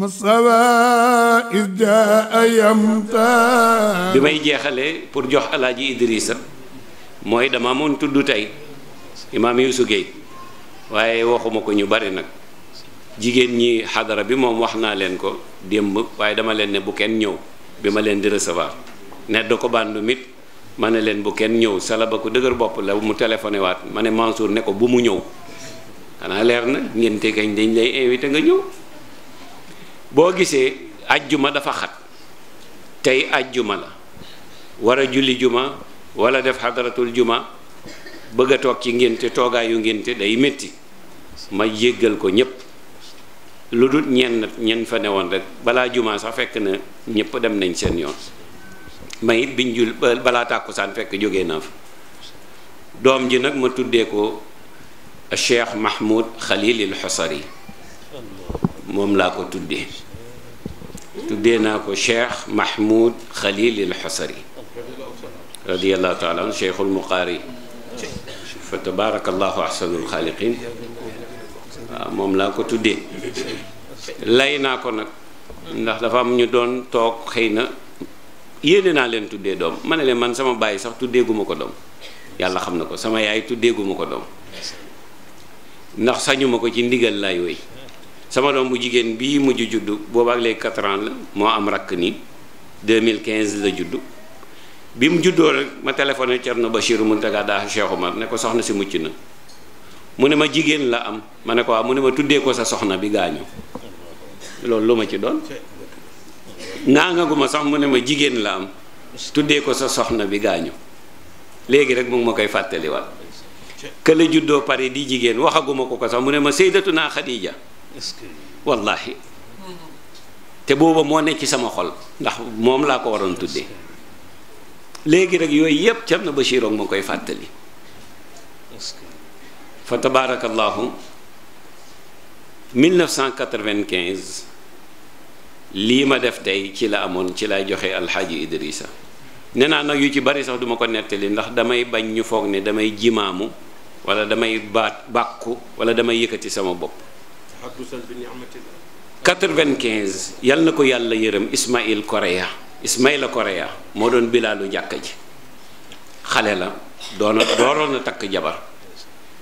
masawa ija yamta bi may jeexalee pour jox alaaji Idrissa mooy dama moon tudd tey imaam Yuusu Géey waaye waxuma ko ñu bari nag jigéen ñi xadara bi moom wax naa leen ko démb waaye dama leen ne bu kenn ñëw bi ma leen di recevoir ne da ko bàndu mit ma ne leen bu kenn ñëw salaba ko dëgër bopp la mu téléphoné waat ma ne Mansour ne ko bu mu ñëw xanaa leer na ngénte kañ dañ lay invité nga ñëw boo gisee ajjuma dafa xat tey àjjuma la war a julli juma wala def xadaratul juma bëgg a toog ci ngénte toogaayu ngénte day metti ma yéggal ko ñépp lu dul ñenn ñenn fa ne woon rek balaa juma sax fekk na ñépp dem nañ seen yoon may bi biñ jul balaa tàkkusaan fekk jógee naa fa doom ji nag ma tuddee ko Cheikh Mahmoud Khalil al-Husari moom laa ko tuddee tuddee naa ko cheikh mahmoud xalilil xosari radiallahu taala an cheikhul muqaari fa tabarakallahu ahsanul xaaliqin waaw moom laa ko tuddee lay naa ko nag ndax dafa am ñu doon toog xëy na yéene naa leen tuddee doom ma ne leen man sama bàyyi sax tuddeeguma ko doom yàlla xam na ko sama yaay tuddeeguma ko doom ndax sañuma ko ci ndigal laay woy sama doom bu jigéen bii mujj juddu booba ak léegi 4 la moo am rakk nii mille 2015 la juddu bi mu juddoo rek ma téléphoné Thierno mun Mountaga daa Cheikh Omar ne ko soxna si mucc na mu ne ma jigéen la am ma ne ko mu ne ma tuddee ko sa soxna bi gaañu loolu lu ma ci doon ngaa nga ma sax ne ma jigéen la am tuddee ko sa soxna bi gaañu léegi rek mu ma koy fàttali fàttaliwaat kële juddoo pare di jigéen waxaguma ko ko sax mu ne ma Seydatuna Khadija wallahi hmm. te booba moo ne ci sama xol ndax moom laa ko waroon tuddee léegi rek yooyu yépp cam na Bachir ak ma koy fàttali fa tabarakallahu 1995 lii ma def tey ci la amoon ci lay joxe alxaaji Idrissa nee naa nag yu ci bari sax duma ko nettali ndax damay bañ ñu foog ne damay jimaamu walla damay baat bàkku wala damay yëkkati sama bopp quatre-vingt-quinze yal na ko yàlla yërëm Ismaïl Korea Ismaïla Korea moo doon bilaalu jàkka ji xale la doona dooroon a takk jabar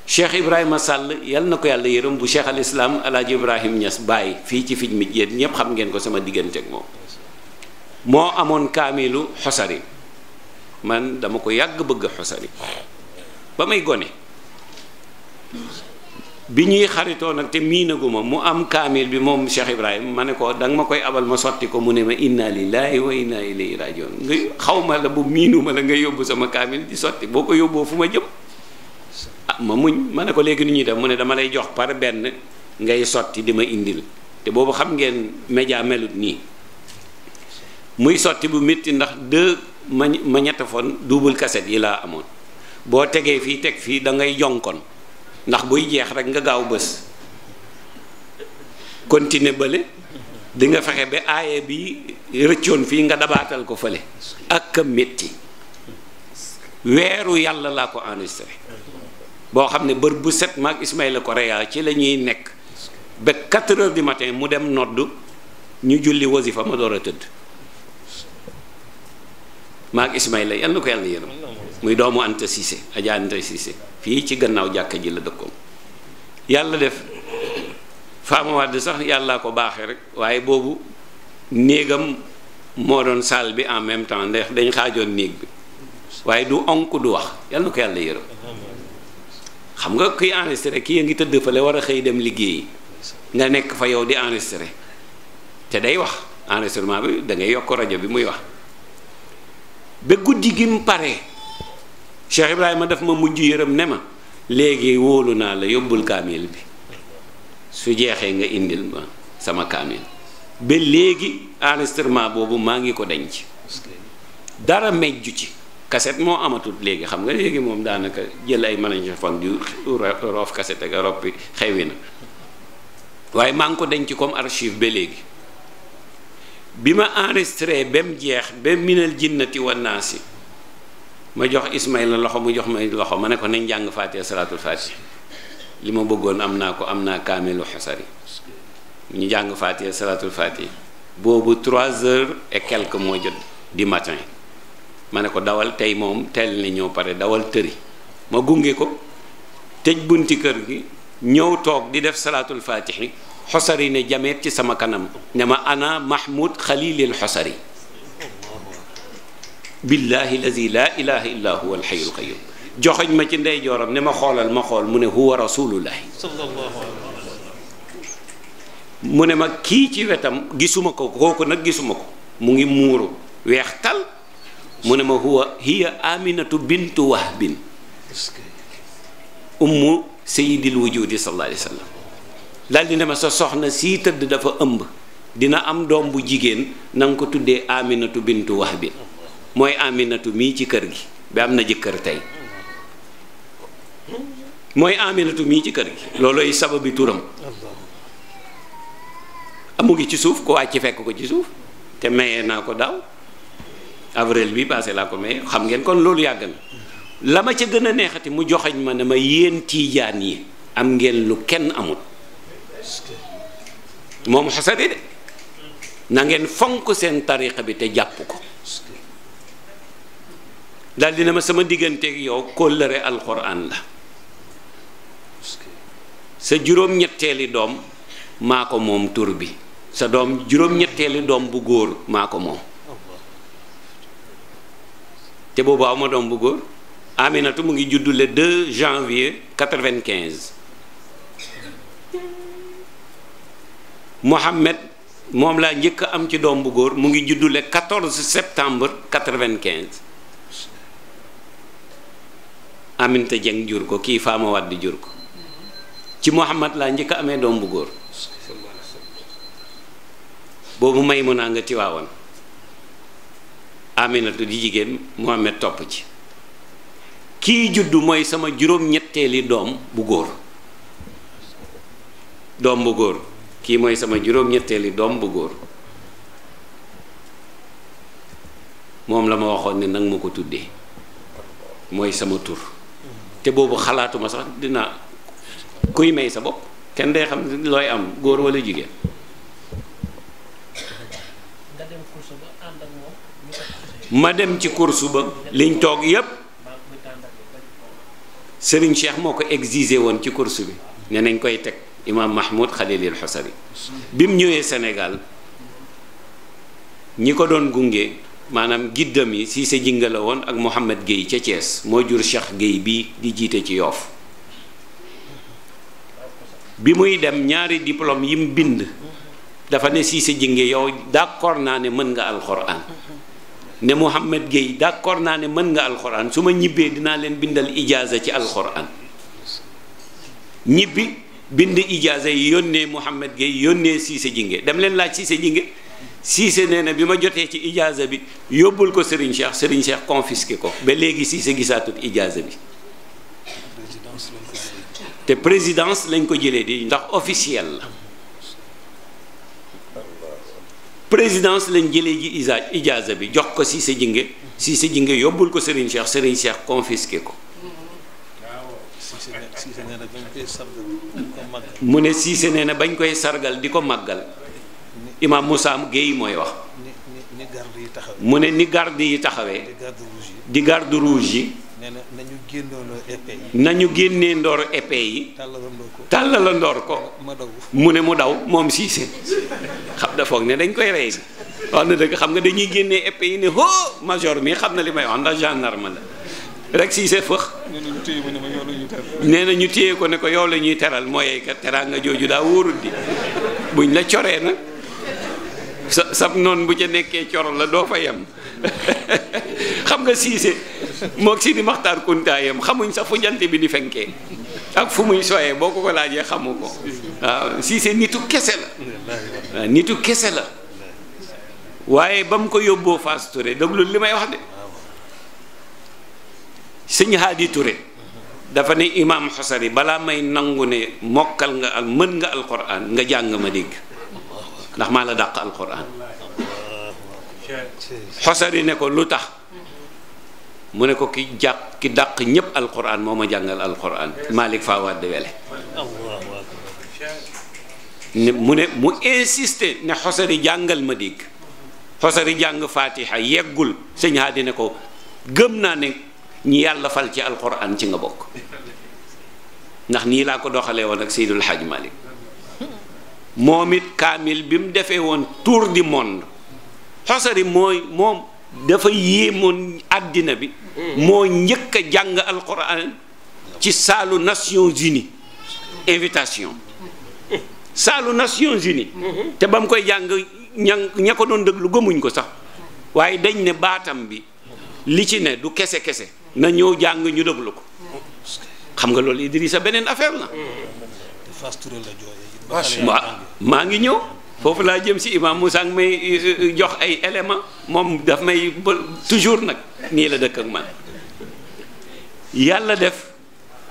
Cheikh Ibrahima Sàll yal na ko yàlla yërëm bu Cheikh al Islam Alaaji Ibrahim Ñas Baay fii ci fit mi yéen ñépp xam ngeen ko sama diggante ak moom moo amoon kaamilu xosari man dama ko yàgg bëgg xosari ba may gone bi ñuy xaritoo nag te miinaguma mu am kaamil bi moom Cheikh Ibrahima ma ne ko da ma koy abal ma sotti ko mu ne ma inna lillahi wa inna ilayhi rajiun nga xaw ma la bu miinuma la nga yóbbu sama kaamil sotti boo ko yóbboo fu ma jëm ah, ma muñ ma ne ko léegi nu ñuy def mu ne dama lay jox pare benn ngay sotti di ma indil te boobu xam ngeen média melut nii muy sotti bu métti ndax deux ma ma ñett fon double cassette yi laa amoon boo tegee fii teg fii da ngay jonkon ndax buy jeex rek nga gaaw bés continuer bële di nga fexe ba aaye bi rëccoon fii nga dabaatal ko fële ak métti weeru yàlla laa ko enregistré boo xam ne bër bu set maag ko Korea ci la ñuy nekk ba 4 heures du matin mu dem nodd ñu julli wasifa ma door a tëdd maag Ismaïla yal na ko yàlla yërëm muy doomu Anta Cissé Adja Anta Cissé fii ci gannaaw jàkka ji la dëkkoon yàlla def Fama Wade sax yàllaa ko baaxee rek waaye boobu néegam moo doon salle bi en même temps ndax dañ xaajoon néeg bi waaye du onk du wax yàlla na ko yàlla yërëm xam nga kuy enregistré ki a ngi tëdd fale war a xëy dem liggéeyi nga nekk fa yow di enregistré te day wax enregistrement bi da ngay yokk rajo bi muy wax ba guddi gi mu pare Cheikh Ibrahima daf ma mujj yërëm ne ma léegi wóolu naa la yóbbul kaamil bi su jeexee nga indil ma sama kaamil ba léegi enregistrement boobu maa ngi ko denc dara mejju ci kaset moo amatul léegi xam nga léegi moom daanaka jël ay magnétophone di roof kaset ak Europe bi xewi na waaye maa ngi ko denc comme archive ba léegi bi ma enregistré ba mu jeex ba minal jinnati wannaasi ma jox Ismaïla loxo mu jox ma loxo ma ne ko nañ jàng Faatiha salaatul Faatiha li ma bëggoon am naa ko am naa kaamilu xasari ñu jàng Faatiha salaatul Faatiha boobu trois heures et quelque moo jot di matin ma ne ko dawal tey moom teel na ñëw pare dawal tëri ma gunge ko tëj bunti kër gi ñëw toog di def salaatul Faatiha xosari ne jameet ci sama kanam ne ma ana Mahmoud Khalilil xosari billahi lazi laa ilaha huwa alxayul qayum joxoñ ma ci ndeyjooram ne ma xoolal ma xool mu ne huwa rasulullahi mu ne ma kii ci wetam gisuma ko kooku nag gisuma ko mu ngi muuru weex tal mu ne ma huwa hiya aminatu bintu wahbin ummu sayidil wujudi sallallahu alayhi wa di ne ma sa soxna sii tëdd dafa ëmb dina am doom bu jigéen na ko tuddee aminatu bintu wahbin mooy aminatu mii ci kër gi bi am na jëkkër tey mooy aminatu mii ci kër gi loolooy sababi turam amu ngi ci suuf ko wàcc fekk ko ci suuf te maye naa ko daaw avril bi passé laa ko maye xam ngeen kon loolu yàgg na la ma ca gën a neexati mu joxeñ ma ne ma yéen tiijaan yi am ngeen lu kenn amul moom xasari de na ngeen fonk seen tariqa bi te jàpp ko daal dina ma sama digganteeg yow kóllëre alxuraan la sa juróom-ñetteeli doom maa ko moom tur bi sa doom juróom-ñetteeli doom bu góor maa ko moom te boobu aw ma doom bu góor Aminatu mu ngi juddu le 2 janvier 95 Mohamed moom laa njëkk am ci doom bu góor mu ngi juddu le 14 septembre 95. Aminta Dieng jur ko kii Fama ci Muhammad laa njëkk a doom bu góor boobu may mun naa nga tiwaawoon Aminatu di jigéen Muhammad topp ci kii juddu mooy sama juróom-ñetteeli doom bu góor doom bu góor kii mooy sama juróom-ñetteeli doom bu góor moom la ma waxoon ne nag ma ko tuddee mooy sama tur te boobu xalaatuma sax dina kuy may sa bopp kenn day xam looy am góor walla jigéen. ma dem ci kursu ba liñ toog yépp sëriñ Cheikh moo ko exigé woon ci kursu bi ne nañ koy teg imaam Mahmoud Khalilil Husari bi mu ñëwee Sénégal ñi ko doon gunge. maanaam giddam yi si sa jinga la woon ak Mouhamed Guèye ca Thiès moo jur Cheikh Guèye bi di jiite ci yoof bi muy dem ñaari diplôme yi mu bind dafa ne si sa jinge yow d'accord naa ne mën nga alxuraan ne Mouhamed Guèye d'accord naa ne mën nga alxuraan su ma ñibbee dinaa leen bindal ijaaza ci alxuraan ñibbi bind ijaaza yi yónnee Mouhamed Guèye yónnee si jinge dem leen laaj si sa jinge siise nee na bi ma jotee ci ijaaza bi yóbbul ko Serigne Cheikh Serigne Cheikh confisqué ko ba léegi siise gisaatul ijaaza bi te présidence lañ ko jëlee di ndax officiel la présidence lañ jële ji isa ijaaza bi jox ko siise jinge siise jinge yóbbul ko Serigne Cheikh Serigne Cheikh confisqué ko mu ne siise nee na bañ koy sargal di ko màggal imaam Moussa Guèye mooy wax. ni garde yi taxawee. mu ne ni garde yi taxawee. di garde rouge yi. di garde rouge yi. na ñu génneendoo ndoor yi. nañu génneendoor épée yi. tàllalandoor ko tàllalandoor ko. mu ne mu daw moom Cissé xam da foog ne dañ koy rey si na dëgg xam nga dañuy génnee épée yi ne hoo major mi xam na li may wax ndax gendarme la rek Cissé fëx. nee na ñu téye ko ne ko yow la ñuy teral mooy kat teraanga jooju daa wóorul di buñ la coree na sa sab noonu bu ca nekkee coro la doo fa yem xam nga siise moog si di maxtaar kuntaayam xamuñ sa fu jant bi di fenkee ak fu muy soyee boo ko ko laajee xamu ko waaw siise nitu kese la nitu kese la waaye ba mu ko yóbboo Fass Touré déglu li may wax de sëñ Haadi Touré dafa ne imaam xosari balaa may nangu ne mokkal nga al mën nga alquran nga jàng ma dégg ndax maa la dàq alquran xosari ne ko lu tax mu ne ko ki jàq ki dàq ñépp alquran moo ma jàngal alquran Malick Fawad Wele mu ne mu insisté ne xosari jàngal ma dégg xosari jàng fatiha yeggul sëñ Hadi ne ko gëm naa ne ñi yàlla fal ci alquran ci nga bokk ndax nii laa ko doxalee woon ak Seydul Xaaj Malick moom it kaamil bi mu defee woon tour du monde xosari mooy moom dafa yéemoon àddina bi mm. moo njëkk a jàng alquran ci saalu Nations Unies invitation saalu Nations Unies mm-hmm. te ba mu koy jàng ña ña ko doon déglu gëmuñ ko sax waaye dañ ne baatam bi li ci ne du kese kese na ñëw jàng ñu déglu ko mm. xam nga loolu Idrissa beneen affaire la. Mm. maa ngi ñëw foofu laa jëm si imam Moussa may eh, eh, jox ay élément moom daf may toujours nag nii la dëkk ak man yàlla def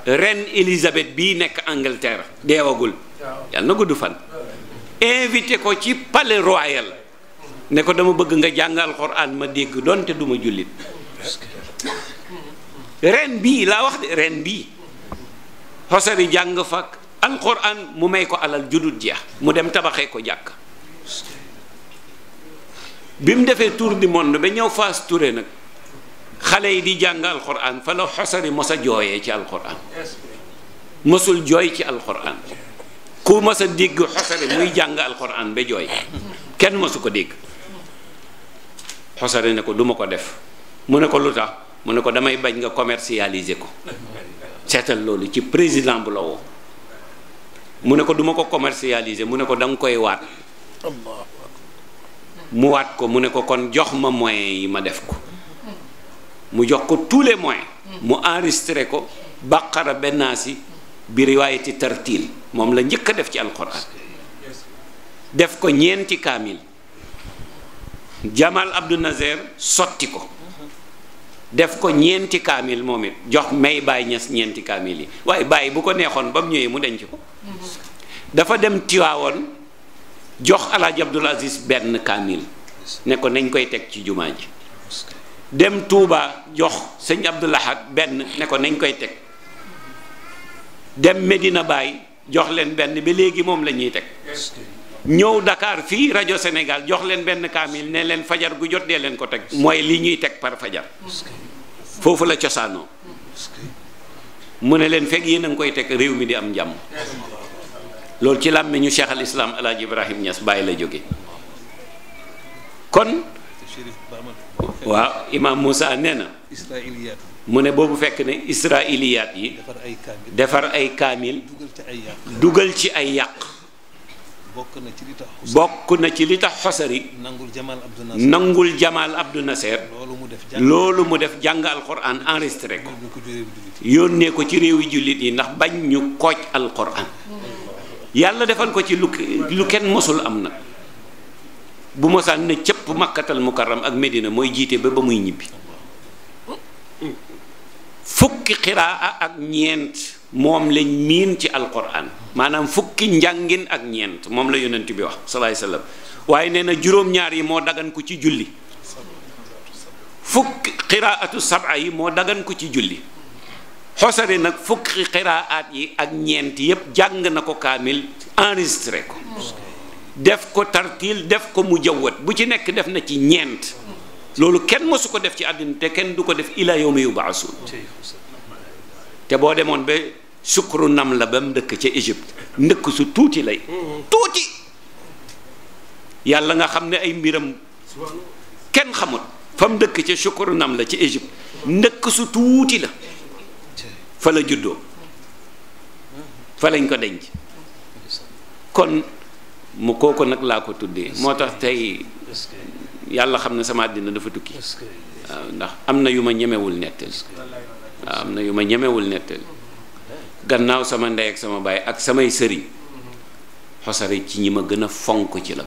ren Élisabeth bii nekk Angleterre deewagul yàlla na gudd fan invité ko ci palais royal ne ko dama bëgg nga jàngal Alxuraan ma dégg donte duma jullit reine bii laa wax de reine bii xosari jàng fakk alquran mu may ko alal judut jeex mu dem tabaxee ko jàkk bi mu defee tour du monde ba ñëw fas Touré nag xale yi di jàng alquran fa la xosari mos jooyee ci alquran mosul jooy ci alquran ku mos a dégg xosari muy jàng alquran ba jooy kenn mosu ko dégg xosari ne ko duma ko def mu ne ko lu mu ne ko damay bañ nga commercialiser ko seetal loolu ci président bu la woo mu ne ko duma ko commercialiser mu ne ko da koy waat mu waat ko mu ne ko kon jox ma moyens yi ma def ko mu jox ko tous les moyens mu enregistré ko baqara bennaasi bi riwaayati tartil moom la njëkk a def ci alquran def ko ñeenti kaamil Jamal Abdou Nazer sotti ko def ko ñeenti kaamil moom it jox may bàyyi ñas ñeenti kaamil yi waaye bàyyi bu ko neexoon ba mu ñëwee mu denc ko dafa dem Tiwaawoon jox Alaaji Abdul Aziz benn kaamil ne ko nañ koy teg ci jumaa ji dem Touba jox sëñ Abdul Ahad benn ne ko nañ koy teg dem Medina Baye jox leen benn ba léegi moom lañuy teg ñëw Dakar fii rajo senegal jox leen benn kaamil ne leen fajar gu jot de leen ko teg mooy li ñuy teg par fajar foofu la cosaanoo mu ne leen fekk yéen a koy teg réew mi di am njàmm loolu ci làmmi ñu cheikh al islam alaaji ibrahim ñas bàyyi la jóge kon waaw imaam Moussa nee na mu ne boobu fekk ne israiliyaat yi defar ay kaamil dugal ci ay yàq bokk na ci li tax xosari nangul jamal abdu naseer loolu mu def jàng alxuraan enregistré ko yónnee ko ci réewi jullit yi ndax bañ ñu kooj alxuraan yàlla defal ko ci lu lu kenn mosul am na bu mosaan ne cëpp makkatal mukarram ak Medina mooy jiite ba ba muy ñibbi fukki xiraa ak ñeent moom lañ miin ci alquran maanaam fukki njàngin ak ñeent moom la yonent bi wax salaay salaam waaye nee juróom-ñaar yi moo dagan ko ci julli fukki xiraatu saba yi moo dagan ko ci julli xosari nag fukki xiraat yi ak ñeent yépp jàng na ko kaamil enregistré ko def ko tartil def ko mujawwat bu ci nekk def na ci ñeent loolu kenn mësu ko def ci àddina te kenn du ko def ila yawmi yub'asun te boo demoon ba sukru nam la ba mu dëkk ca Égypte ndëkk su tuuti lay tuuti yàlla nga xam ne ay mbiram kenn xamut fa mu dëkk ca Choukour nam la ci Égypte ndëkk su tuuti la fa la juddoo fa lañ ko denc kon mu kooku nag laa ko tuddee moo tax tey yàlla xam na sama àddina dafa tukki waaw ndax am na yu ma ñemewul nettali am na yu ma ñemewul nettali gannaaw sama ndey ak sama baay ak samay sëriñ xosari ci ñi ma gën a fonk ci la